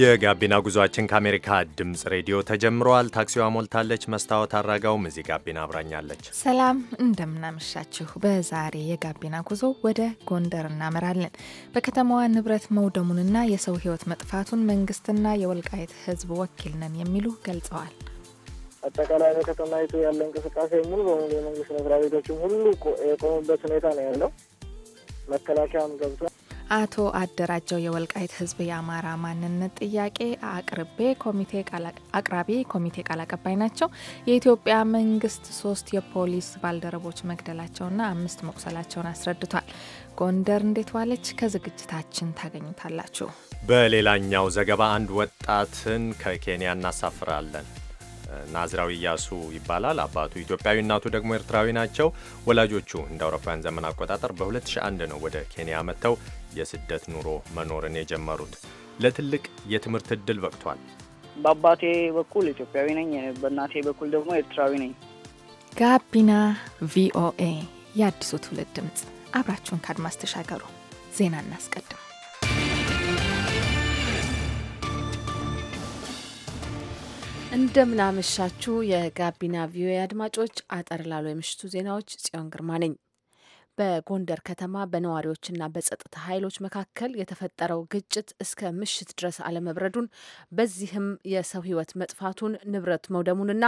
የጋቢና ጉዟችን ከአሜሪካ ድምፅ ሬዲዮ ተጀምረዋል። ታክሲዋ ሞልታለች። መስታወት አድራጋውም እዚህ ጋቢና አብራኛለች። ሰላም እንደምናመሻችሁ። በዛሬ የጋቢና ጉዞ ወደ ጎንደር እናመራለን። በከተማዋ ንብረት መውደሙንና የሰው ሕይወት መጥፋቱን መንግስትና የወልቃይት ሕዝብ ወኪል ነን የሚሉ ገልጸዋል። አጠቃላይ በከተማይቱ ያለ እንቅስቃሴ ሙሉ በሙሉ የመንግስት መስሪያ ቤቶችም ሁሉ የቆሙበት ሁኔታ ነው ያለው። መከላከያም ገብቷል። አቶ አደራጀው የወልቃይት ህዝብ የአማራ ማንነት ጥያቄ አቅርቤ ኮሚቴ አቅራቢ ኮሚቴ ቃል አቀባይ ናቸው። የኢትዮጵያ መንግስት ሶስት የፖሊስ ባልደረቦች መግደላቸውና አምስት መቁሰላቸውን አስረድቷል። ጎንደር እንዴት ዋለች? ከዝግጅታችን ታገኙታላችሁ። በሌላኛው ዘገባ አንድ ወጣትን ከኬንያ እናሳፍራለን። ናዝራዊ እያሱ ይባላል። አባቱ ኢትዮጵያዊ፣ እናቱ ደግሞ ኤርትራዊ ናቸው። ወላጆቹ እንደ አውሮፓውያን ዘመን አቆጣጠር በ2001 ነው ወደ ኬንያ መጥተው የስደት ኑሮ መኖርን የጀመሩት። ለትልቅ የትምህርት ዕድል በቅቷል። በአባቴ በኩል ኢትዮጵያዊ ነኝ፣ በእናቴ በኩል ደግሞ ኤርትራዊ ነኝ። ጋቢና ቪኦኤ የአዲሱ ትውልድ ድምፅ፣ አብራችሁን ከአድማስ ተሻገሩ። ዜና እናስቀድም። እንደምናመሻችሁ የጋቢና ቪኦኤ አድማጮች፣ አጠር ላሉ የምሽቱ ዜናዎች ጽዮን ግርማ ነኝ። በጎንደር ከተማ በነዋሪዎችና በጸጥታ ኃይሎች መካከል የተፈጠረው ግጭት እስከ ምሽት ድረስ አለመብረዱን በዚህም የሰው ሕይወት መጥፋቱን ንብረት መውደሙንና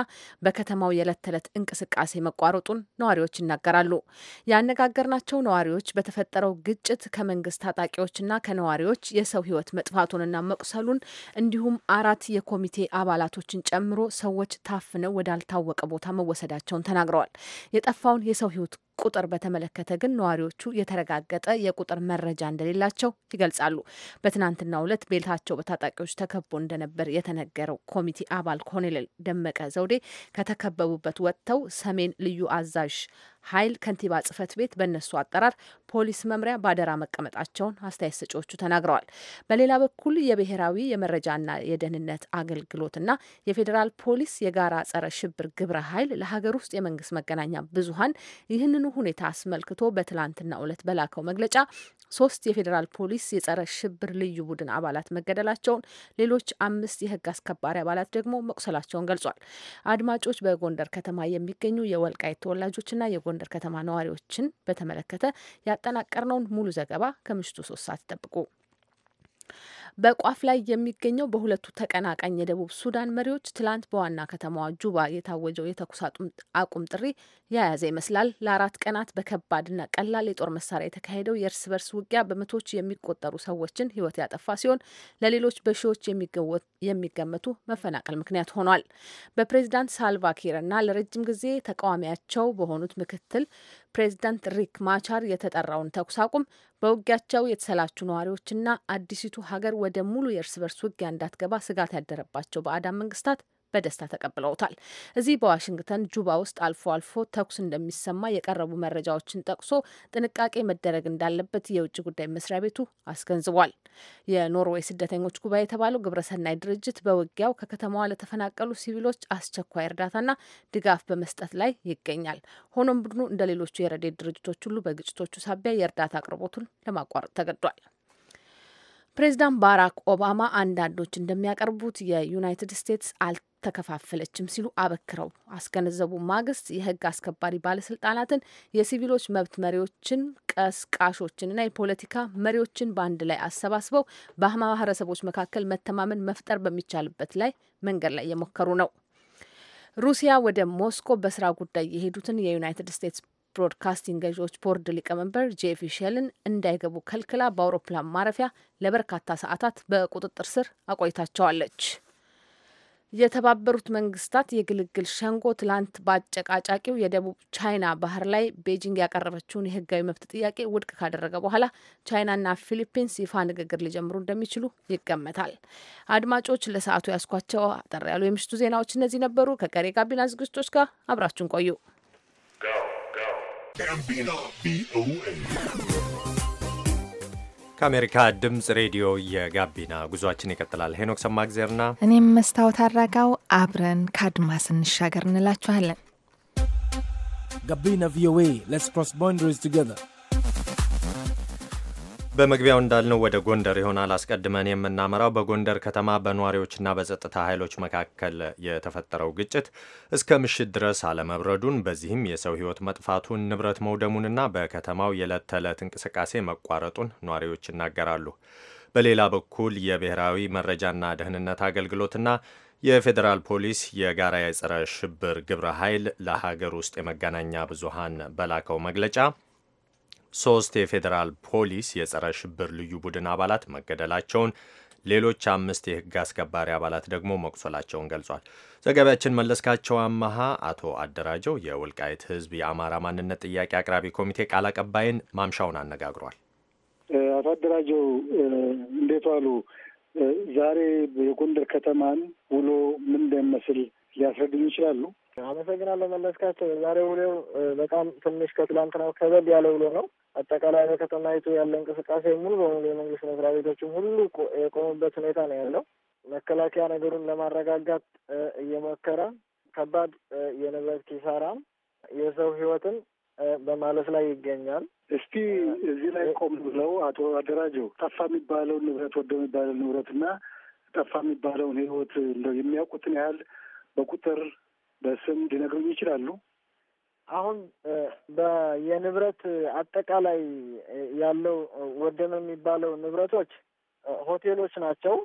በከተማው የዕለት ተዕለት እንቅስቃሴ መቋረጡን ነዋሪዎች ይናገራሉ። ያነጋገርናቸው ነዋሪዎች በተፈጠረው ግጭት ከመንግስት ታጣቂዎችና ከነዋሪዎች የሰው ሕይወት መጥፋቱንና መቁሰሉን እንዲሁም አራት የኮሚቴ አባላቶችን ጨምሮ ሰዎች ታፍነው ወዳልታወቀ ቦታ መወሰዳቸውን ተናግረዋል። የጠፋውን የሰው ሕይወት ቁጥር በተመለከተ ግን ነዋሪዎቹ የተረጋገጠ የቁጥር መረጃ እንደሌላቸው ይገልጻሉ። በትናንትናው ዕለት ቤታቸው በታጣቂዎች ተከቦ እንደነበር የተነገረው ኮሚቴ አባል ኮሎኔል ደመቀ ዘውዴ ከተከበቡበት ወጥተው ሰሜን ልዩ አዛዥ ኃይል ከንቲባ ጽህፈት ቤት በእነሱ አጠራር ፖሊስ መምሪያ ባደራ መቀመጣቸውን አስተያየት ሰጪዎቹ ተናግረዋል። በሌላ በኩል የብሔራዊ የመረጃና የደህንነት አገልግሎትና የፌዴራል ፖሊስ የጋራ ጸረ ሽብር ግብረ ኃይል ለሀገር ውስጥ የመንግስት መገናኛ ብዙሀን ይህንኑ ሁኔታ አስመልክቶ በትላንትና ዕለት በላከው መግለጫ ሶስት የፌዴራል ፖሊስ የጸረ ሽብር ልዩ ቡድን አባላት መገደላቸውን፣ ሌሎች አምስት የህግ አስከባሪ አባላት ደግሞ መቁሰላቸውን ገልጿል። አድማጮች፣ በጎንደር ከተማ የሚገኙ የወልቃይት ተወላጆችና የጎንደር ከተማ ነዋሪዎችን በተመለከተ ያጠናቀርነውን ሙሉ ዘገባ ከምሽቱ ሶስት ሰዓት ይጠብቁ። በቋፍ ላይ የሚገኘው በሁለቱ ተቀናቃኝ የደቡብ ሱዳን መሪዎች ትላንት በዋና ከተማዋ ጁባ የታወጀው የተኩስ አቁም ጥሪ የያዘ ይመስላል። ለአራት ቀናት በከባድና ቀላል የጦር መሳሪያ የተካሄደው የእርስ በርስ ውጊያ በመቶዎች የሚቆጠሩ ሰዎችን ሕይወት ያጠፋ ሲሆን ለሌሎች በሺዎች የሚገመቱ መፈናቀል ምክንያት ሆኗል። በፕሬዚዳንት ሳልቫኪር እና ለረጅም ጊዜ ተቃዋሚያቸው በሆኑት ምክትል ፕሬዚዳንት ሪክ ማቻር የተጠራውን ተኩስ አቁም በውጊያቸው የተሰላቹ ነዋሪዎችና አዲሲቱ ሀገር ወደ ሙሉ የእርስ በርስ ውጊያ እንዳትገባ ስጋት ያደረባቸው በአዳም መንግስታት በደስታ ተቀብለውታል። እዚህ በዋሽንግተን ጁባ ውስጥ አልፎ አልፎ ተኩስ እንደሚሰማ የቀረቡ መረጃዎችን ጠቅሶ ጥንቃቄ መደረግ እንዳለበት የውጭ ጉዳይ መስሪያ ቤቱ አስገንዝቧል። የኖርዌይ ስደተኞች ጉባኤ የተባለው ግብረሰናይ ድርጅት በውጊያው ከከተማዋ ለተፈናቀሉ ሲቪሎች አስቸኳይ እርዳታና ድጋፍ በመስጠት ላይ ይገኛል። ሆኖም ቡድኑ እንደ ሌሎቹ የረድኤት ድርጅቶች ሁሉ በግጭቶቹ ሳቢያ የእርዳታ አቅርቦቱን ለማቋረጥ ተገዷል። ፕሬዚዳንት ባራክ ኦባማ አንዳንዶች እንደሚያቀርቡት የዩናይትድ ስቴትስ አልተከፋፈለችም ሲሉ አበክረው አስገነዘቡ። ማግስት የህግ አስከባሪ ባለስልጣናትን የሲቪሎች መብት መሪዎችን፣ ቀስቃሾችንና የፖለቲካ መሪዎችን በአንድ ላይ አሰባስበው በማህበረሰቦች መካከል መተማመን መፍጠር በሚቻልበት ላይ መንገድ ላይ የሞከሩ ነው። ሩሲያ ወደ ሞስኮ በስራ ጉዳይ የሄዱትን የዩናይትድ ስቴትስ ብሮድካስቲንግ ገዢዎች ቦርድ ሊቀመንበር ጄፊ ሼልን እንዳይገቡ ከልክላ በአውሮፕላን ማረፊያ ለበርካታ ሰዓታት በቁጥጥር ስር አቆይታቸዋለች። የተባበሩት መንግስታት የግልግል ሸንጎ ትላንት በአጨቃጫቂው የደቡብ ቻይና ባህር ላይ ቤጂንግ ያቀረበችውን የህጋዊ መብት ጥያቄ ውድቅ ካደረገ በኋላ ቻይናና ፊሊፒንስ ይፋ ንግግር ሊጀምሩ እንደሚችሉ ይገመታል። አድማጮች ለሰዓቱ ያስኳቸው አጠር ያሉ የምሽቱ ዜናዎች እነዚህ ነበሩ። ከቀሪ ጋቢና ዝግጅቶች ጋር አብራችሁን ቆዩ። ከአሜሪካ ድምፅ ሬዲዮ የጋቢና ጉዟችን ይቀጥላል። ሄኖክ ሰማግዜርና እኔም መስታወት አራጋው አብረን ከአድማስ እንሻገር እንላችኋለን። ጋቢና ቪኦኤ ሌትስ ክሮስ ባውንደሪስ ቱጌዘር በመግቢያው እንዳልነው ወደ ጎንደር ይሆናል አስቀድመን የምናመራው። በጎንደር ከተማ በነዋሪዎችና በጸጥታ ኃይሎች መካከል የተፈጠረው ግጭት እስከ ምሽት ድረስ አለመብረዱን በዚህም የሰው ሕይወት መጥፋቱን ንብረት መውደሙንና በከተማው የዕለት ተዕለት እንቅስቃሴ መቋረጡን ነዋሪዎች ይናገራሉ። በሌላ በኩል የብሔራዊ መረጃና ደህንነት አገልግሎትና የፌዴራል ፖሊስ የጋራ የጸረ ሽብር ግብረ ኃይል ለሀገር ውስጥ የመገናኛ ብዙሃን በላከው መግለጫ ሶስት የፌዴራል ፖሊስ የጸረ ሽብር ልዩ ቡድን አባላት መገደላቸውን፣ ሌሎች አምስት የህግ አስከባሪ አባላት ደግሞ መቁሰላቸውን ገልጿል። ዘጋቢያችን መለስካቸው አመሃ አቶ አደራጀው የወልቃይት ህዝብ የአማራ ማንነት ጥያቄ አቅራቢ ኮሚቴ ቃል አቀባይን ማምሻውን አነጋግሯል። አቶ አደራጀው እንዴት ዋሉ? ዛሬ የጎንደር ከተማን ውሎ ምን እንደሚመስል ሊያስረዱኝ ይችላሉ? አመሰግናለሁ መለስካቸው። የዛሬ ውሌው በጣም ትንሽ ከትላንትናው ከበድ ያለ ውሎ ነው። አጠቃላይ በከተማይቱ ያለ እንቅስቃሴ ሙሉ በሙሉ የመንግስት መስሪያ ቤቶችም ሁሉ የቆሙበት ሁኔታ ነው ያለው። መከላከያ ነገሩን ለማረጋጋት እየሞከረ ከባድ የንብረት ኪሳራም የሰው ህይወትን በማለት ላይ ይገኛል። እስቲ እዚህ ላይ ቆም ብለው አቶ አደራጀው ጠፋ የሚባለው ንብረት ወደ የሚባለው ንብረት እና ጠፋ የሚባለውን ህይወት እንደው የሚያውቁትን ያህል በቁጥር በስም ሊነግሩኝ ይችላሉ? አሁን የንብረት አጠቃላይ ያለው ወደመ የሚባለው ንብረቶች ሆቴሎች ናቸው።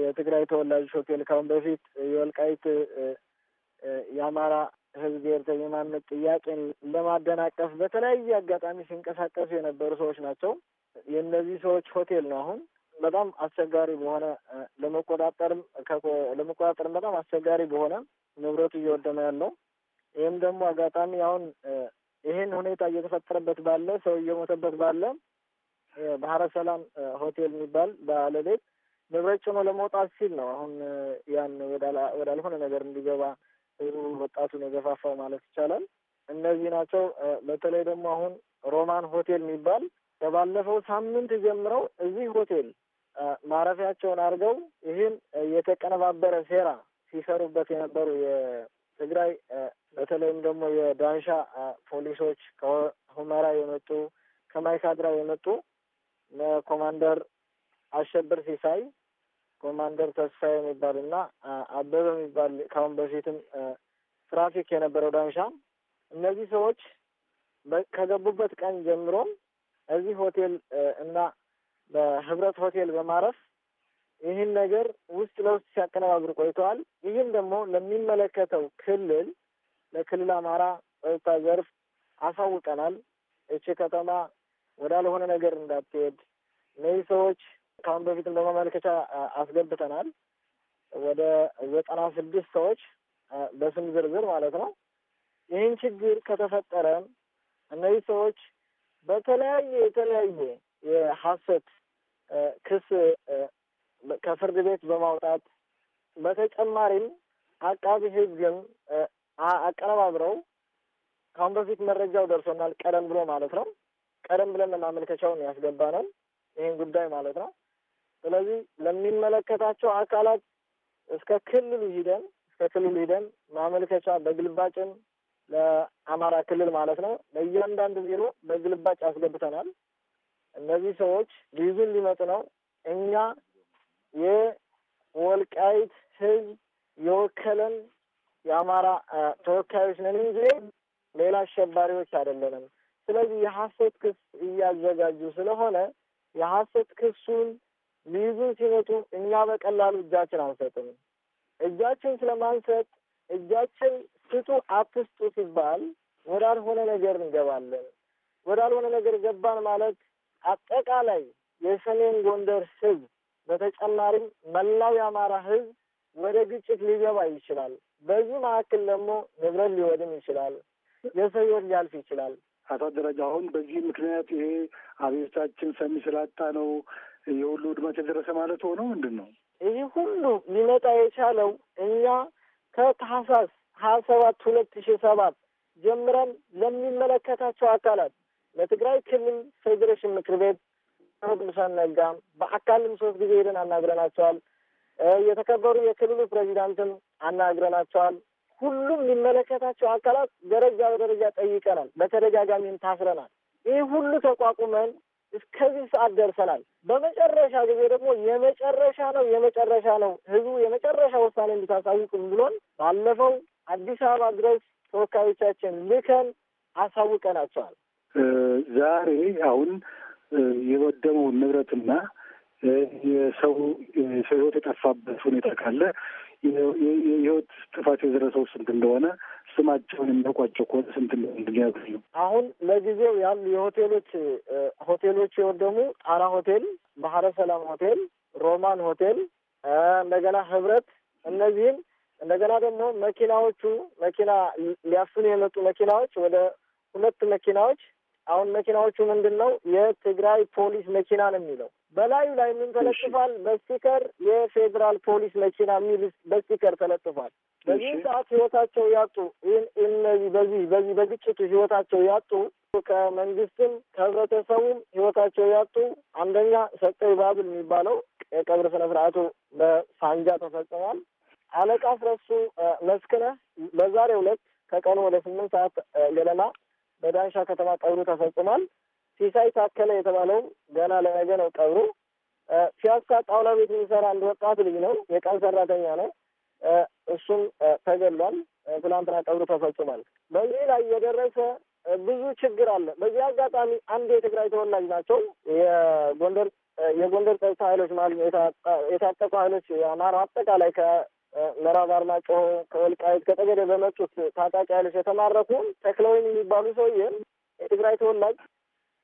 የትግራይ ተወላጆች ሆቴል ካሁን በፊት የወልቃይት የአማራ ህዝብ ብሔረሰብ የማንነት ጥያቄን ለማደናቀፍ በተለያየ አጋጣሚ ሲንቀሳቀሱ የነበሩ ሰዎች ናቸው። የእነዚህ ሰዎች ሆቴል ነው። አሁን በጣም አስቸጋሪ በሆነ ለመቆጣጠርም ለመቆጣጠርም በጣም አስቸጋሪ በሆነ ንብረቱ እየወደመ ያለው። ይህም ደግሞ አጋጣሚ አሁን ይህን ሁኔታ እየተፈጠረበት ባለ ሰው እየሞተበት ባለ ባህረ ሰላም ሆቴል የሚባል ባለቤት ንብረት ጭኖ ለመውጣት ሲል ነው አሁን ያን ወዳልሆነ ነገር እንዲገባ ህዝቡ ወጣቱን የገፋፋው ማለት ይቻላል። እነዚህ ናቸው። በተለይ ደግሞ አሁን ሮማን ሆቴል የሚባል ከባለፈው ሳምንት ጀምረው እዚህ ሆቴል ማረፊያቸውን አድርገው ይህን የተቀነባበረ ሴራ ሲሰሩበት የነበሩ የትግራይ በተለይም ደግሞ የዳንሻ ፖሊሶች ከሁመራ የመጡ ከማይካድራ የመጡ ኮማንደር አሸብር ሲሳይ፣ ኮማንደር ተስፋ የሚባል እና አበበ የሚባል ከአሁን በፊትም ትራፊክ የነበረው ዳንሻ እነዚህ ሰዎች ከገቡበት ቀን ጀምሮም እዚህ ሆቴል እና በህብረት ሆቴል በማረፍ ይህን ነገር ውስጥ ለውስጥ ሲያቀነባብር ቆይተዋል። ይህም ደግሞ ለሚመለከተው ክልል ለክልል አማራ ጸጥታ ዘርፍ አሳውቀናል። እቺ ከተማ ወዳልሆነ ነገር እንዳትሄድ እነዚህ ሰዎች ከአሁን በፊትም በማመልከቻ አስገብተናል። ወደ ዘጠና ስድስት ሰዎች በስም ዝርዝር ማለት ነው። ይህን ችግር ከተፈጠረ እነዚህ ሰዎች በተለያየ የተለያየ የሀሰት ክስ ከፍርድ ቤት በማውጣት በተጨማሪም አቃቢ ህግን አቀነባብረው ከአሁን በፊት መረጃው ደርሶናል። ቀደም ብሎ ማለት ነው። ቀደም ብለን ማመልከቻውን ያስገባ ነው ይህን ጉዳይ ማለት ነው። ስለዚህ ለሚመለከታቸው አካላት እስከ ክልሉ ሂደን እስከ ክልሉ ሂደን ማመልከቻ በግልባጭን ለአማራ ክልል ማለት ነው ለእያንዳንድ ቢሮ በግልባጭ አስገብተናል። እነዚህ ሰዎች ሊይዙን ሊመጡ ነው እኛ የወልቃይት ህዝብ የወከለን የአማራ ተወካዮች ነን እንጂ ሌላ አሸባሪዎች አይደለንም። ስለዚህ የሐሰት ክስ እያዘጋጁ ስለሆነ የሐሰት ክሱን ሊይዙን ሲመጡ እኛ በቀላሉ እጃችን አንሰጥም። እጃችን ስለማንሰጥ እጃችን ስጡ አትስጡ ሲባል ወዳልሆነ ነገር እንገባለን። ወዳልሆነ ነገር ገባን ማለት አጠቃላይ የሰሜን ጎንደር ህዝብ በተጨማሪም መላው የአማራ ህዝብ ወደ ግጭት ሊገባ ይችላል። በዚህ መካከል ደግሞ ንብረት ሊወድም ይችላል። የሰው ሕይወት ሊያልፍ ይችላል። አቶ ደረጃ አሁን በዚህ ምክንያት ይሄ አቤታችን ሰሚ ስላጣ ነው የሁሉ ውድመት የደረሰ ማለት ሆኖ ምንድን ነው ይህ ሁሉ ሊመጣ የቻለው እኛ ከታህሳስ ሀያ ሰባት ሁለት ሺ ሰባት ጀምረን ለሚመለከታቸው አካላት ለትግራይ ክልል ፌዴሬሽን ምክር ቤት ቅዱሳን ነጋም በአካልም ሶስት ጊዜ ሄደን አናግረናቸዋል። የተከበሩ የክልሉ ፕሬዚዳንትም አናግረናቸዋል። ሁሉም የሚመለከታቸው አካላት ደረጃ በደረጃ ጠይቀናል። በተደጋጋሚም ታስረናል። ይህ ሁሉ ተቋቁመን እስከዚህ ሰዓት ደርሰናል። በመጨረሻ ጊዜ ደግሞ የመጨረሻ ነው የመጨረሻ ነው ህዝቡ የመጨረሻ ውሳኔ እንዲታሳውቅም ብሎን ባለፈው አዲስ አበባ ድረስ ተወካዮቻችን ልከን አሳውቀናቸዋል። ዛሬ አሁን የወደሙ ንብረትና የሰው ህይወት የጠፋበት ሁኔታ ካለ የህይወት ጥፋት የደረሰው ስንት እንደሆነ ስማቸውን የሚያውቋቸው ከሆነ ስንት እንዲያገኙ አሁን ለጊዜው ያሉ የሆቴሎች ሆቴሎች የወደሙ ጣራ ሆቴል፣ ባህረ ሰላም ሆቴል፣ ሮማን ሆቴል እንደገና ህብረት እነዚህም እንደገና ደግሞ መኪናዎቹ መኪና ሊያፍኑ የመጡ መኪናዎች ወደ ሁለት መኪናዎች አሁን መኪናዎቹ ምንድን ነው የትግራይ ፖሊስ መኪና ነው የሚለው በላዩ ላይ ምን ተለጥፏል? በስቲከር የፌዴራል ፖሊስ መኪና የሚል በስቲከር ተለጥፏል። በዚህ ሰዓት ህይወታቸው ያጡ እነዚህ በዚህ በዚህ በግጭቱ ህይወታቸው ያጡ ከመንግስትም ከህብረተሰቡም ህይወታቸው ያጡ አንደኛ ሰጠይ ባብል የሚባለው የቀብር ስነ ስርዓቱ በሳንጃ ተፈጽሟል። አለቃ ፍረሱ መስክነህ በዛሬ ሁለት ከቀኑ ወደ ስምንት ሰዓት ገለማ በዳንሻ ከተማ ቀብሩ ተፈጽሟል። ሲሳይ ታከለ የተባለው ገና ለነገ ነው ቀብሩ። ፒያሳ ጣውላ ቤት የሚሰራ አንድ ወጣት ልጅ ነው፣ የቀን ሰራተኛ ነው። እሱም ተገሏል። ትናንትና ቀብሩ ተፈጽሟል። በዚህ ላይ የደረሰ ብዙ ችግር አለ። በዚህ አጋጣሚ አንድ የትግራይ ተወላጅ ናቸው የጎንደር የጎንደር ጸጥታ ኃይሎች ማለት የታጠቁ ኃይሎች የአማራ አጠቃላይ ምዕራብ አርማጭሆ ከወልቃይት ከጠገዴ በመጡት ታጣቂ ኃይሎች የተማረኩ ተክለወይን የሚባሉ ሰውዬም የትግራይ ተወላጅ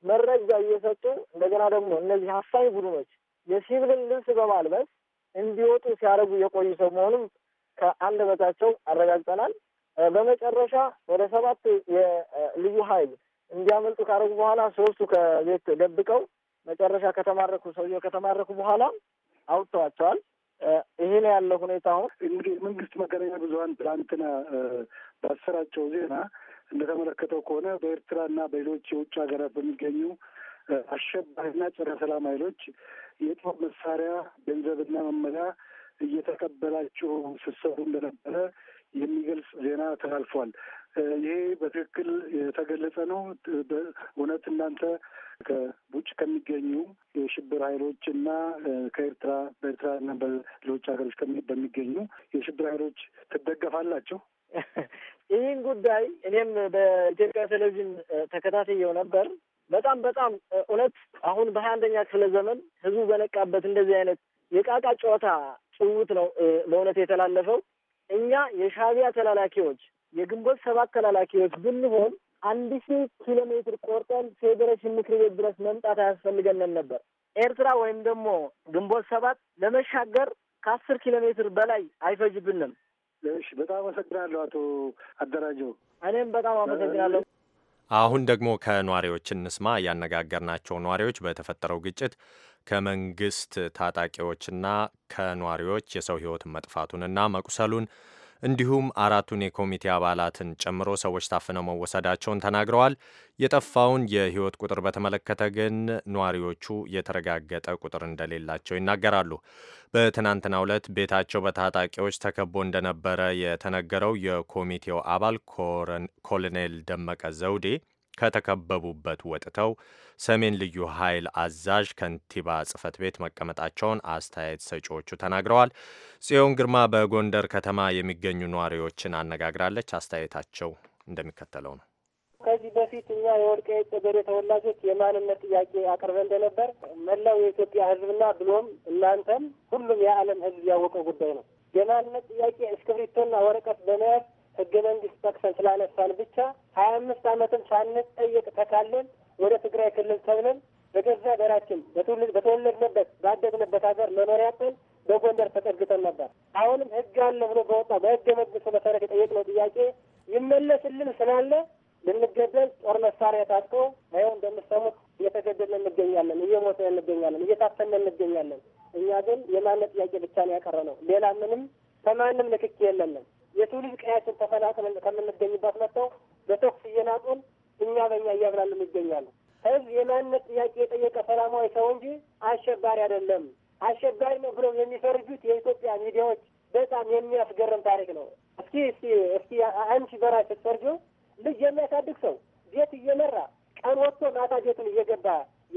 መረጃ እየሰጡ እንደገና ደግሞ እነዚህ አፋኝ ቡድኖች የሲቪልን ልብስ በማልበስ እንዲወጡ ሲያደርጉ የቆዩ ሰው መሆኑም ከአንደበታቸው አረጋግጠናል። በመጨረሻ ወደ ሰባት የልዩ ኃይል እንዲያመልጡ ካደረጉ በኋላ ሶስቱ ከቤት ደብቀው መጨረሻ ከተማረኩ ሰውየው ከተማረኩ በኋላ አውጥተዋቸዋል። ይሄ ነው ያለው ሁኔታ አሁን እንግዲህ መንግስት መገናኛ ብዙኃን ትላንትና ባሰራጨው ዜና እንደተመለከተው ከሆነ በኤርትራና በሌሎች የውጭ ሀገራት በሚገኙ አሸባሪና ጸረ ሰላም ኃይሎች የጦር መሳሪያ ገንዘብና መመሪያ እየተቀበላችሁ ስትሰሩ እንደነበረ የሚገልጽ ዜና ተላልፏል። ይሄ በትክክል የተገለጸ ነው። እውነት እናንተ ከውጭ ከሚገኙ የሽብር ኃይሎች እና ከኤርትራ በኤርትራ እና በሌሎች ሀገሮች በሚገኙ የሽብር ኃይሎች ትደገፋላችሁ? ይህን ጉዳይ እኔም በኢትዮጵያ ቴሌቪዥን ተከታትየው ነበር። በጣም በጣም እውነት አሁን በሀያ አንደኛ ክፍለ ዘመን ህዝቡ በነቃበት እንደዚህ አይነት የቃቃ ጨዋታ ጭውት ነው በእውነት የተላለፈው። እኛ የሻቢያ ተላላኪዎች የግንቦት ሰባት ተላላኪዎች ብንሆን አንድ ሺህ ኪሎ ሜትር ቆርጠን ፌዴሬሽን ምክር ቤት ድረስ መምጣት አያስፈልገንም ነበር። ኤርትራ ወይም ደግሞ ግንቦት ሰባት ለመሻገር ከአስር ኪሎ ሜትር በላይ አይፈጅብንም። እሺ፣ በጣም አመሰግናለሁ አቶ አደራጀው። እኔም በጣም አመሰግናለሁ። አሁን ደግሞ ከነዋሪዎች እንስማ። ያነጋገርናቸው ነዋሪዎች በተፈጠረው ግጭት ከመንግስት ታጣቂዎችና ከነዋሪዎች የሰው ህይወት መጥፋቱንና መቁሰሉን እንዲሁም አራቱን የኮሚቴ አባላትን ጨምሮ ሰዎች ታፍነው መወሰዳቸውን ተናግረዋል። የጠፋውን የህይወት ቁጥር በተመለከተ ግን ነዋሪዎቹ የተረጋገጠ ቁጥር እንደሌላቸው ይናገራሉ። በትናንትናው ዕለት ቤታቸው በታጣቂዎች ተከቦ እንደነበረ የተነገረው የኮሚቴው አባል ኮሎኔል ደመቀ ዘውዴ ከተከበቡበት ወጥተው ሰሜን ልዩ ኃይል አዛዥ ከንቲባ ጽህፈት ቤት መቀመጣቸውን አስተያየት ሰጪዎቹ ተናግረዋል። ጽዮን ግርማ በጎንደር ከተማ የሚገኙ ነዋሪዎችን አነጋግራለች። አስተያየታቸው እንደሚከተለው ነው። ከዚህ በፊት እኛ የወልቃ ጠገዴ ተወላጆች የማንነት ጥያቄ አቅርበ እንደነበር መላው የኢትዮጵያ ሕዝብና ብሎም እናንተም ሁሉም የዓለም ሕዝብ ያወቀው ጉዳይ ነው። የማንነት ጥያቄ እስክሪብቶና ወረቀት በመያዝ ህገ መንግስት ጠቅሰን ስላነሳን ብቻ ሀያ አምስት አመትም ሳንጠየቅ ተካለን ወደ ትግራይ ክልል ተብለን በገዛ ሀገራችን በተወለድንበት ባደግንበት ሀገር መኖሪያ በጎንደር ተጠግተን ነበር። አሁንም ህግ አለ ብሎ በወጣ በህገ መንግስቱ መሰረት የጠየቅነው ጥያቄ ይመለስልን ስላለ ልንገደል ጦር መሳሪያ ታጥቆ ይኸው እንደምሰሙት እየተገደልን እንገኛለን፣ እየሞተ እንገኛለን፣ እየታፈንን እንገኛለን። እኛ ግን የማንነት ጥያቄ ብቻ ነው ያቀረነው። ሌላ ምንም ከማንም ንክኪ የለንም። የትውልድ ቦታ ከምንገኝበት መጥተው በተኩስ እየናጡን እኛ በእኛ እያብላሉም ይገኛሉ። ህዝብ የማንነት ጥያቄ የጠየቀ ሰላማዊ ሰው እንጂ አሸባሪ አይደለም። አሸባሪ ነው ብለው የሚፈርጁት የኢትዮጵያ ሚዲያዎች በጣም የሚያስገርም ታሪክ ነው። እስኪ እስኪ እስኪ አንቺ በራሽ ስትፈርጆ ልጅ የሚያሳድግ ሰው ቤት እየመራ ቀን ወጥቶ ማታ ቤቱን እየገባ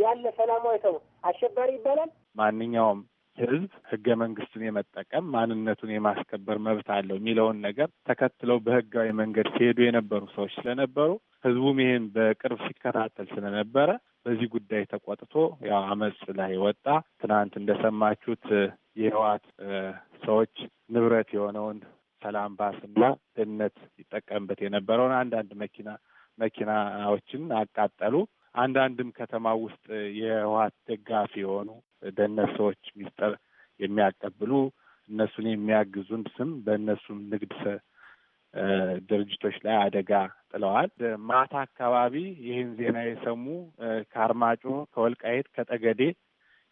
ያለ ሰላማዊ ሰው አሸባሪ ይባላል? ማንኛውም ህዝብ ህገ መንግስቱን የመጠቀም ማንነቱን የማስከበር መብት አለው የሚለውን ነገር ተከትለው በህጋዊ መንገድ ሲሄዱ የነበሩ ሰዎች ስለነበሩ ህዝቡም ይህን በቅርብ ሲከታተል ስለነበረ በዚህ ጉዳይ ተቆጥቶ ያው አመፅ ላይ ወጣ። ትናንት እንደሰማችሁት የህወሓት ሰዎች ንብረት የሆነውን ሰላም ባስና ደህንነት ይጠቀምበት የነበረውን አንዳንድ መኪና መኪናዎችን አቃጠሉ። አንዳንድም ከተማ ውስጥ የህወሓት ደጋፊ የሆኑ ደህንነት ሰዎች የሚያቀብሉ እነሱን የሚያግዙን ስም በእነሱም ንግድ ድርጅቶች ላይ አደጋ ጥለዋል። ማታ አካባቢ ይህን ዜና የሰሙ ከአርማጮ፣ ከወልቃይት፣ ከጠገዴ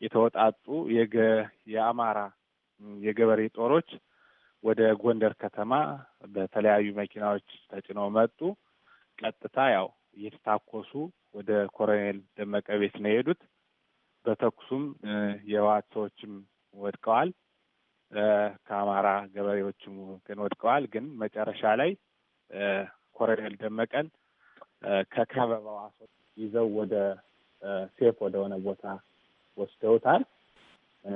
የተወጣጡ የአማራ የገበሬ ጦሮች ወደ ጎንደር ከተማ በተለያዩ መኪናዎች ተጭነው መጡ። ቀጥታ ያው እየተታኮሱ ወደ ኮሎኔል ደመቀ ቤት ነው የሄዱት። በተኩሱም የህወሓት ሰዎችም ወድቀዋል። ከአማራ ገበሬዎችም ግን ወድቀዋል። ግን መጨረሻ ላይ ኮሎኔል ደመቀን ከከበባው ይዘው ወደ ሴፍ ወደሆነ ቦታ ወስደውታል።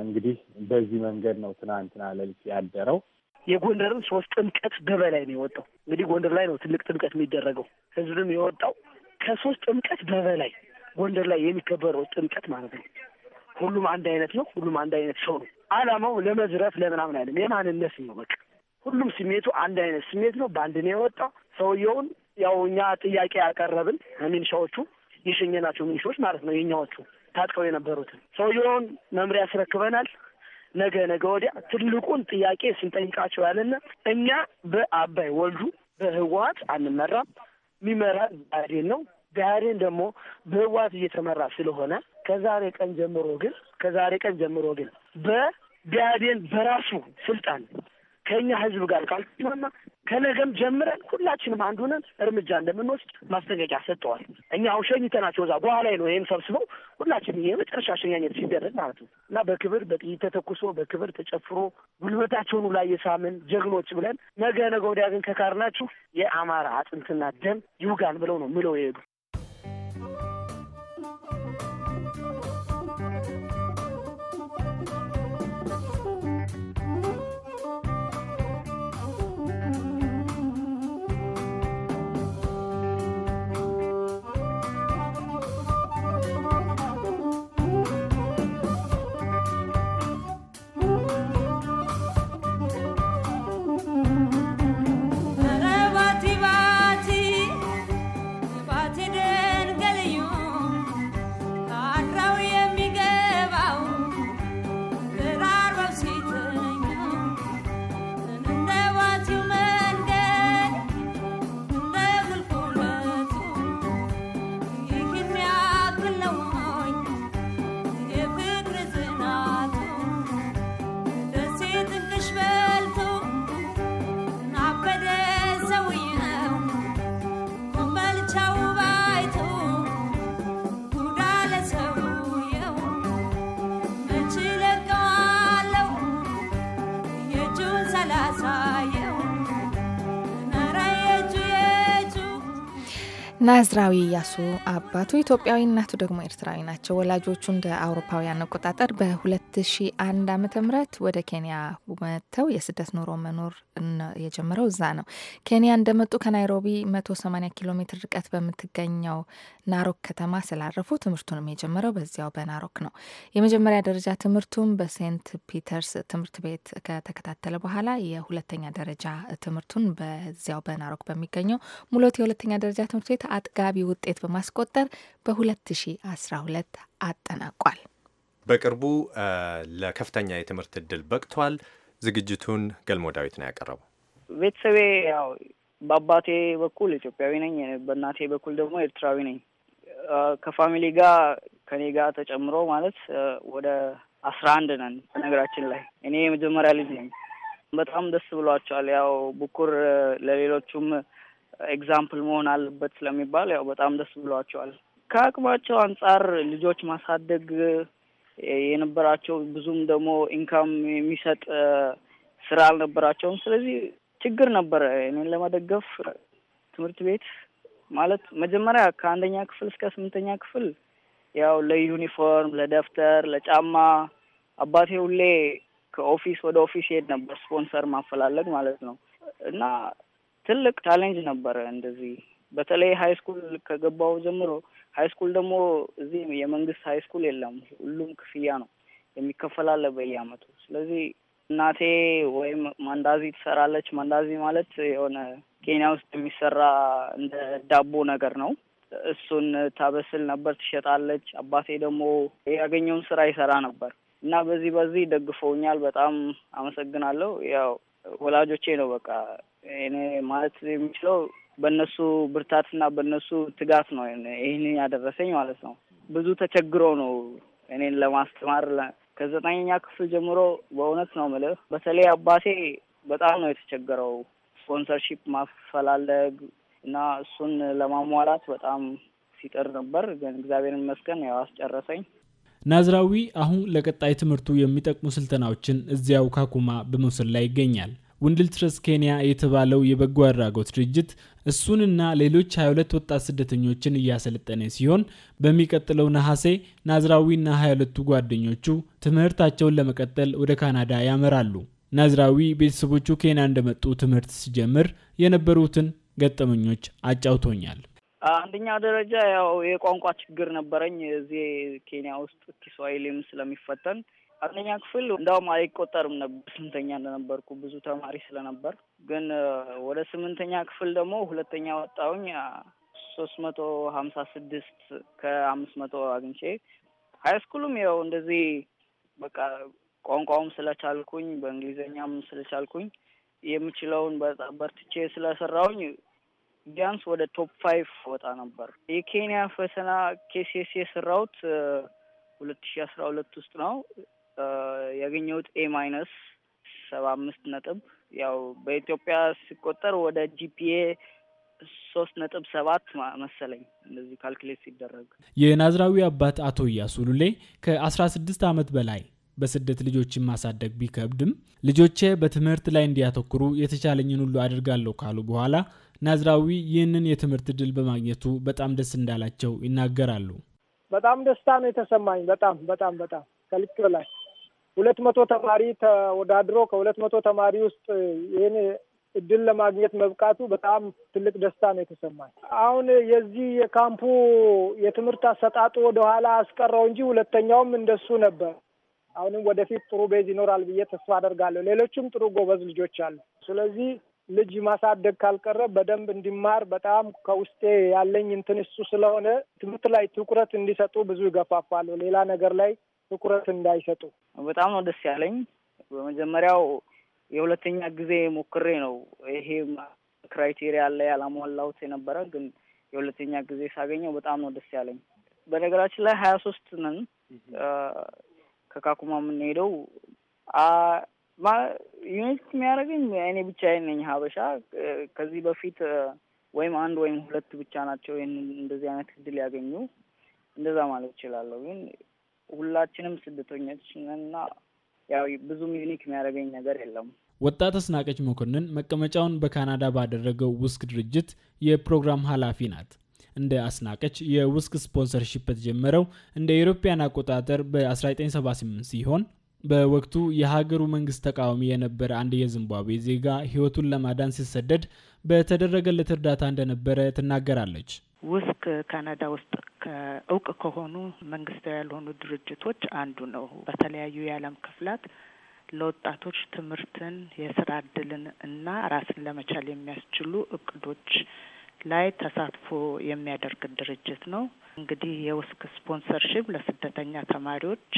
እንግዲህ በዚህ መንገድ ነው ትናንትና ሌሊት ያደረው። የጎንደርን ሶስት ጥምቀት በበላይ ነው የወጣው። እንግዲህ ጎንደር ላይ ነው ትልቅ ጥምቀት የሚደረገው። ህዝብም የወጣው ከሶስት ጥምቀት በበላይ ጎንደር ላይ የሚከበረው ጥምቀት ማለት ነው። ሁሉም አንድ አይነት ነው። ሁሉም አንድ አይነት ሰው ነው። አላማው ለመዝረፍ ለምናምን አይደለም። የማንነት ነው። በቃ ሁሉም ስሜቱ አንድ አይነት ስሜት ነው። በአንድ ነው የወጣው ሰውየውን። ያው እኛ ጥያቄ ያቀረብን ሚኒሻዎቹ የሸኘናቸው ሚኒሻዎች ማለት ነው የኛዎቹ ታጥቀው የነበሩትን ሰውየውን መምሪያ ያስረክበናል። ነገ ነገ ወዲያ ትልቁን ጥያቄ ስንጠይቃቸው ያለና እኛ በአባይ ወልዱ በህወሀት አንመራም፣ የሚመራ ብአዴን ነው። ብአዴን ደግሞ በህወሀት እየተመራ ስለሆነ ከዛሬ ቀን ጀምሮ ግን ከዛሬ ቀን ጀምሮ ግን በቢያዴን በራሱ ስልጣን ከእኛ ህዝብ ጋር ካልሆና ከነገም ጀምረን ሁላችንም አንዱንን እርምጃ እንደምንወስድ ማስጠንቀቂያ ሰጥተዋል። እኛ አሁን ሸኝተናቸው እዛ በኋላ ነው ይህም ሰብስበው ሁላችንም የመጨረሻ ሸኛኘት ሲደረግ ማለት ነው እና በክብር በጥይት ተተኩሶ በክብር ተጨፍሮ ጉልበታቸውን ላይ የሳምን ጀግኖች ብለን ነገ ነገ ወዲያ ግን ከካርናችሁ የአማራ አጥንትና ደም ይውጋን ብለው ነው ምለው የሄዱ ናዝራዊ እያሱ አባቱ ኢትዮጵያዊ እናቱ ደግሞ ኤርትራዊ ናቸው። ወላጆቹ እንደ አውሮፓውያን አቆጣጠር በ2001 ዓ ም ወደ ኬንያ መጥተው የስደት ኑሮ መኖር የጀመረው እዛ ነው። ኬንያ እንደመጡ ከናይሮቢ 180 ኪሎ ሜትር ርቀት በምትገኘው ናሮክ ከተማ ስላረፉ ትምህርቱንም የጀመረው በዚያው በናሮክ ነው። የመጀመሪያ ደረጃ ትምህርቱም በሴንት ፒተርስ ትምህርት ቤት ከተከታተለ በኋላ የሁለተኛ ደረጃ ትምህርቱን በዚያው በናሮክ በሚገኘው ሙሎት የሁለተኛ ደረጃ ትምህርት ቤት አጥጋቢ ውጤት በማስቆጠር በ2012 አጠናቋል። በቅርቡ ለከፍተኛ የትምህርት እድል በቅቷል። ዝግጅቱን ገልሞ ዳዊት ነው ያቀረበው። ቤተሰቤ ያው በአባቴ በኩል ኢትዮጵያዊ ነኝ፣ በእናቴ በኩል ደግሞ ኤርትራዊ ነኝ። ከፋሚሊ ጋር ከኔ ጋር ተጨምሮ ማለት ወደ አስራ አንድ ነን። በነገራችን ላይ እኔ የመጀመሪያ ልጅ ነኝ። በጣም ደስ ብሏቸዋል። ያው ብኩር ለሌሎቹም ኤግዛምፕል መሆን አለበት ስለሚባል ያው በጣም ደስ ብሏቸዋል። ከአቅማቸው አንጻር ልጆች ማሳደግ የነበራቸው ብዙም ደግሞ ኢንካም የሚሰጥ ስራ አልነበራቸውም። ስለዚህ ችግር ነበረ። እኔን ለመደገፍ ትምህርት ቤት ማለት መጀመሪያ ከአንደኛ ክፍል እስከ ስምንተኛ ክፍል ያው ለዩኒፎርም፣ ለደብተር፣ ለጫማ አባቴ ሁሌ ከኦፊስ ወደ ኦፊስ ይሄድ ነበር፣ ስፖንሰር ማፈላለግ ማለት ነው እና ትልቅ ቻሌንጅ ነበረ። እንደዚህ በተለይ ሀይ ስኩል ከገባው ጀምሮ ሀይ ስኩል ደግሞ እዚህ የመንግስት ሀይ ስኩል የለም፣ ሁሉም ክፍያ ነው የሚከፈላለ በየአመቱ። ስለዚህ እናቴ ወይም ማንዳዚ ትሰራለች። ማንዳዚ ማለት የሆነ ኬንያ ውስጥ የሚሰራ እንደ ዳቦ ነገር ነው። እሱን ታበስል ነበር፣ ትሸጣለች። አባቴ ደግሞ ያገኘውን ስራ ይሰራ ነበር እና በዚህ በዚህ ደግፈውኛል። በጣም አመሰግናለሁ። ያው ወላጆቼ ነው በቃ እኔ ማለት የሚችለው በእነሱ ብርታትና በእነሱ ትጋት ነው ይህንን ያደረሰኝ ማለት ነው። ብዙ ተቸግሮ ነው እኔን ለማስተማር ከዘጠነኛ ክፍል ጀምሮ በእውነት ነው የምልህ። በተለይ አባቴ በጣም ነው የተቸገረው። ስፖንሰርሺፕ ማፈላለግ እና እሱን ለማሟላት በጣም ሲጥር ነበር። ግን እግዚአብሔር ይመስገን ያው አስጨረሰኝ። ናዝራዊ አሁን ለቀጣይ ትምህርቱ የሚጠቅሙ ስልጠናዎችን እዚያው ካኩማ በመውሰድ ላይ ይገኛል። ውንድልትረስ ኬንያ የተባለው የበጎ አድራጎት ድርጅት እሱንና ሌሎች 22 ወጣት ስደተኞችን እያሰለጠነ ሲሆን በሚቀጥለው ነሐሴ ናዝራዊና 22ቱ ጓደኞቹ ትምህርታቸውን ለመቀጠል ወደ ካናዳ ያመራሉ። ናዝራዊ ቤተሰቦቹ ኬንያ እንደመጡ ትምህርት ሲጀምር የነበሩትን ገጠመኞች አጫውቶኛል። አንደኛ ደረጃ ያው የቋንቋ ችግር ነበረኝ። እዚህ ኬንያ ውስጥ ኪስዋሂሊም ስለሚፈተን አንደኛ ክፍል እንዳውም አይቆጠርም ነበር ስምንተኛ እንደነበርኩ ብዙ ተማሪ ስለነበር። ግን ወደ ስምንተኛ ክፍል ደግሞ ሁለተኛ ወጣሁኝ ሶስት መቶ ሀምሳ ስድስት ከአምስት መቶ አግኝቼ ሀይ ያው እንደዚህ በቃ ቋንቋውም ስለቻልኩኝ በእንግሊዝኛም ስለቻልኩኝ የምችለውን በርትቼ ስለሰራውኝ ቢያንስ ወደ ቶፕ ፋይቭ ወጣ ነበር። የኬንያ ፈተና ኬሲኤስ የሰራሁት ሁለት ሺ አስራ ሁለት ውስጥ ነው። ያገኘሁት ኤ ማይነስ ሰባ አምስት ነጥብ ያው በኢትዮጵያ ሲቆጠር ወደ ጂፒኤ ሶስት ነጥብ ሰባት መሰለኝ እንደዚህ ካልኩሌት ሲደረግ። የናዝራዊ አባት አቶ እያሱ ሉሌ ከአስራ ስድስት ዓመት በላይ በስደት ልጆችን ማሳደግ ቢከብድም ልጆቼ በትምህርት ላይ እንዲያተኩሩ የተቻለኝን ሁሉ አድርጋለሁ ካሉ በኋላ ናዝራዊ ይህንን የትምህርት እድል በማግኘቱ በጣም ደስ እንዳላቸው ይናገራሉ። በጣም ደስታ ነው የተሰማኝ። በጣም በጣም በጣም ከልክ በላይ ሁለት መቶ ተማሪ ተወዳድሮ ከሁለት መቶ ተማሪ ውስጥ ይህን እድል ለማግኘት መብቃቱ በጣም ትልቅ ደስታ ነው የተሰማኝ። አሁን የዚህ የካምፑ የትምህርት አሰጣጡ ወደኋላ አስቀረው እንጂ ሁለተኛውም እንደሱ ነበር። አሁንም ወደፊት ጥሩ ቤዝ ይኖራል ብዬ ተስፋ አደርጋለሁ። ሌሎችም ጥሩ ጎበዝ ልጆች አሉ። ስለዚህ ልጅ ማሳደግ ካልቀረ በደንብ እንዲማር በጣም ከውስጤ ያለኝ እንትን እሱ ስለሆነ ትምህርት ላይ ትኩረት እንዲሰጡ ብዙ ይገፋፋሉ። ሌላ ነገር ላይ ትኩረት እንዳይሰጡ በጣም ነው ደስ ያለኝ። በመጀመሪያው የሁለተኛ ጊዜ ሞክሬ ነው ይሄ ክራይቴሪያ ላይ ያላሟላሁት የነበረ ግን የሁለተኛ ጊዜ ሳገኘው በጣም ነው ደስ ያለኝ። በነገራችን ላይ ሀያ ሶስት ነን ከካኩማ የምንሄደው ዩኒቨርሲቲ የሚያደርገኝ እኔ ብቻዬን ነኝ ሀበሻ። ከዚህ በፊት ወይም አንድ ወይም ሁለት ብቻ ናቸው ይህን እንደዚህ አይነት እድል ያገኙ እንደዛ ማለት ይችላለሁ። ግን ሁላችንም ስደተኞች እና ያው ብዙም ዩኒክ የሚያደርገኝ ነገር የለም። ወጣት አስናቀች መኮንን መቀመጫውን በካናዳ ባደረገው ውስክ ድርጅት የፕሮግራም ኃላፊ ናት። እንደ አስናቀች የውስክ ስፖንሰርሺፕ በተጀመረው እንደ ኢሮፓያን አቆጣጠር በ1978 ሲሆን በወቅቱ የሀገሩ መንግስት ተቃዋሚ የነበረ አንድ የዚምባብዌ ዜጋ ህይወቱን ለማዳን ሲሰደድ በተደረገለት እርዳታ እንደነበረ ትናገራለች። ውስጥ ካናዳ ውስጥ ከእውቅ ከሆኑ መንግስታዊ ያልሆኑ ድርጅቶች አንዱ ነው። በተለያዩ የዓለም ክፍላት ለወጣቶች ትምህርትን፣ የስራ እድልን እና ራስን ለመቻል የሚያስችሉ እቅዶች ላይ ተሳትፎ የሚያደርግ ድርጅት ነው። እንግዲህ የውስክ ስፖንሰርሽፕ ለስደተኛ ተማሪዎች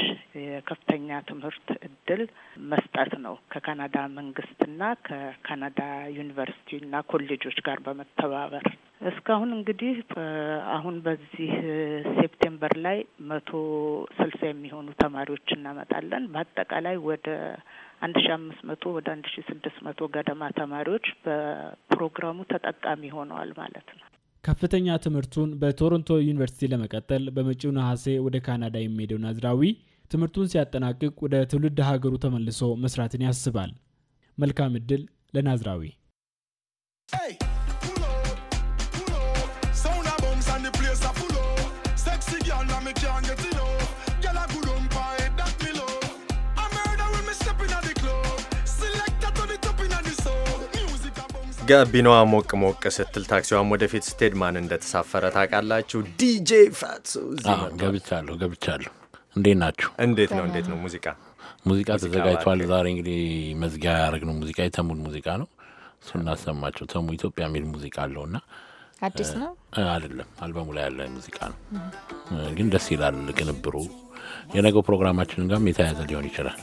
የከፍተኛ ትምህርት እድል መስጠት ነው። ከካናዳ መንግስትና ከካናዳ ዩኒቨርሲቲና ኮሌጆች ጋር በመተባበር እስካሁን እንግዲህ አሁን በዚህ ሴፕቴምበር ላይ መቶ ስልሳ የሚሆኑ ተማሪዎች እናመጣለን። በአጠቃላይ ወደ አንድ ሺ አምስት መቶ ወደ አንድ ሺ ስድስት መቶ ገደማ ተማሪዎች በፕሮግራሙ ተጠቃሚ ሆነዋል ማለት ነው። ከፍተኛ ትምህርቱን በቶሮንቶ ዩኒቨርሲቲ ለመቀጠል በመጪው ነሐሴ ወደ ካናዳ የሚሄደው ናዝራዊ ትምህርቱን ሲያጠናቅቅ ወደ ትውልድ ሀገሩ ተመልሶ መስራትን ያስባል። መልካም እድል ለናዝራዊ። ጋቢናዋ ሞቅ ሞቅ ስትል ታክሲዋም ወደፊት ስትሄድ ማን እንደተሳፈረ ታውቃላችሁ? ዲጄ ፋትሶ ገብቻለሁ፣ ገብቻለሁ። እንዴት ናችሁ? እንዴት ነው? እንዴት ነው? ሙዚቃ ሙዚቃ ተዘጋጅቷል። ዛሬ እንግዲህ መዝጊያ ያደረግነው ሙዚቃ የተሙን ሙዚቃ ነው። እሱ እናሰማቸው። ተሙ ኢትዮጵያ የሚል ሙዚቃ አለው እና አዲስ ነው አይደለም፣ አልበሙ ላይ ያለ ሙዚቃ ነው። ግን ደስ ይላል ቅንብሩ የነገው ፕሮግራማችን ጋርም የተያያዘ ሊሆን ይችላል።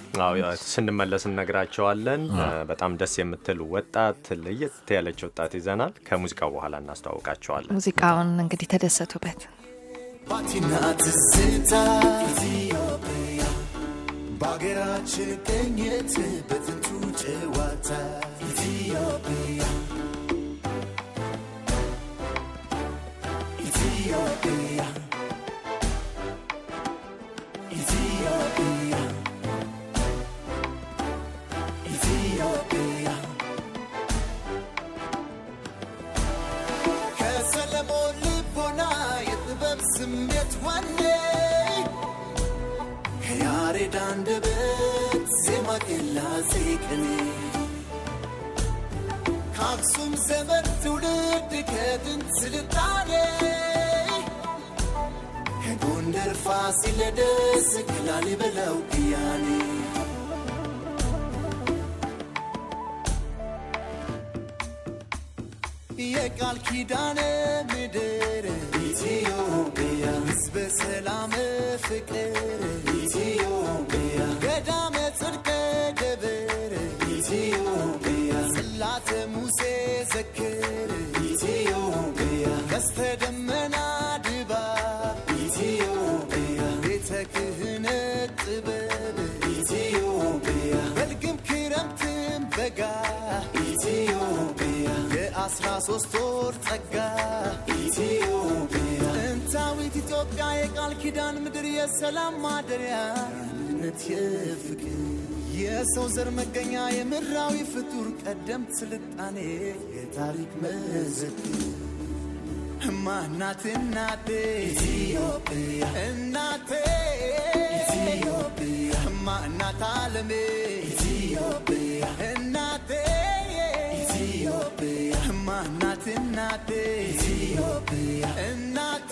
ስንመለስ እነግራቸዋለን። በጣም ደስ የምትል ወጣት፣ ለየት ያለች ወጣት ይዘናል። ከሙዚቃው በኋላ እናስተዋውቃቸዋለን። ሙዚቃውን እንግዲህ ተደሰቱበት። ባገራችን ትዝታ ቅኝት በጥንቱ ጨዋታ ኢትዮጵያ ስትዘክር ኢትዮጵያ ቀስተ ደመና ድባብ ኢትዮጵያ ቤተ ክህነት ጥበብ ኢትዮጵያ በልግም ክረምትም በጋ ኢትዮጵያ የአስራ ሶስት ወር ጸጋ ኢትዮጵያ ጥንታዊት ኢትዮጵያ የቃል ኪዳን ምድር የሰላም ማደሪያ ነት የፍቅር የሰው ዘር መገኛ የምድራዊ ፍጡር ቀደምት ስልጣኔ የታሪክ መዘክር እናቴ ኢትዮጵያ እናቴ ኢትዮጵያ እናቴ እናቴ ኢትዮጵያ እናቴ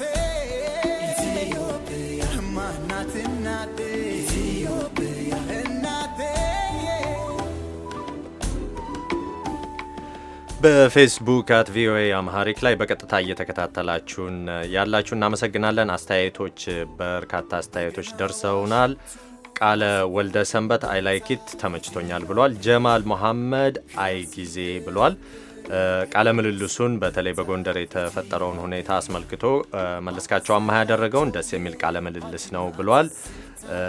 በፌስቡክ አት ቪኦኤ አምሃሪክ ላይ በቀጥታ እየተከታተላችሁን ያላችሁ እናመሰግናለን። አስተያየቶች በርካታ አስተያየቶች ደርሰውናል። ቃለ ወልደ ሰንበት አይ ተመችቶኛል ብሏል። ጀማል መሐመድ አይ ጊዜ ብሏል። ቃለ ምልልሱን በተለይ በጎንደር የተፈጠረውን ሁኔታ አስመልክቶ መለስካቸው አማሃ ያደረገውን ደስ የሚል ቃለ ምልልስ ነው ብሏል።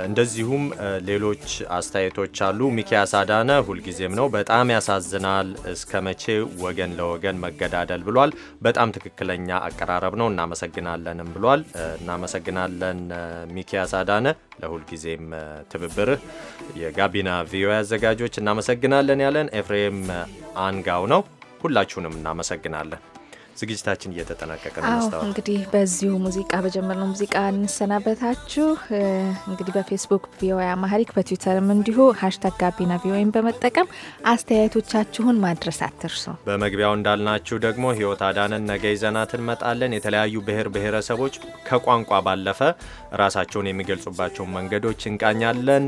እንደዚሁም ሌሎች አስተያየቶች አሉ። ሚኪያስ አዳነ ሁልጊዜም ነው በጣም ያሳዝናል፣ እስከ መቼ ወገን ለወገን መገዳደል ብሏል። በጣም ትክክለኛ አቀራረብ ነው፣ እናመሰግናለንም ብሏል። እናመሰግናለን ሚኪያስ አዳነ ለሁልጊዜም ትብብርህ። የጋቢና ቪኦኤ አዘጋጆች እናመሰግናለን ያለን ኤፍሬም አንጋው ነው። ሁላችሁንም እናመሰግናለን። ዝግጅታችን እየተጠናቀቀ ነው። እንግዲህ በዚሁ ሙዚቃ በጀመርነው ሙዚቃ እንሰናበታችሁ። እንግዲህ በፌስቡክ ቪኦኤ አማሪክ በትዊተርም እንዲሁ ሀሽታግ ጋቢና ቪኦኤን በመጠቀም አስተያየቶቻችሁን ማድረስ አትርሱ። በመግቢያው እንዳልናችሁ ደግሞ ህይወት አዳንን ነገ ይዘናት እንመጣለን። የተለያዩ ብሔር ብሔረሰቦች ከቋንቋ ባለፈ ራሳቸውን የሚገልጹባቸውን መንገዶች እንቃኛለን።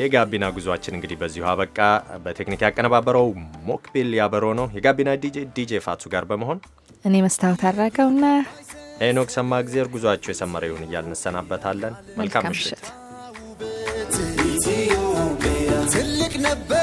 የጋቢና ጉዟችን እንግዲህ በዚሁ አበቃ። በቴክኒክ ያቀነባበረው ሞክቢል ያበሮ ነው። የጋቢና ዲጄ ዲጄ ፋቱ ጋር በመሆን እኔ መስታወት ና ሄኖክ ሰማ ጊዜር ጉዟቸው የሰመረ ይሁን እያል እንሰናበታለን። መልካም ምሽት። ትልቅ ነበር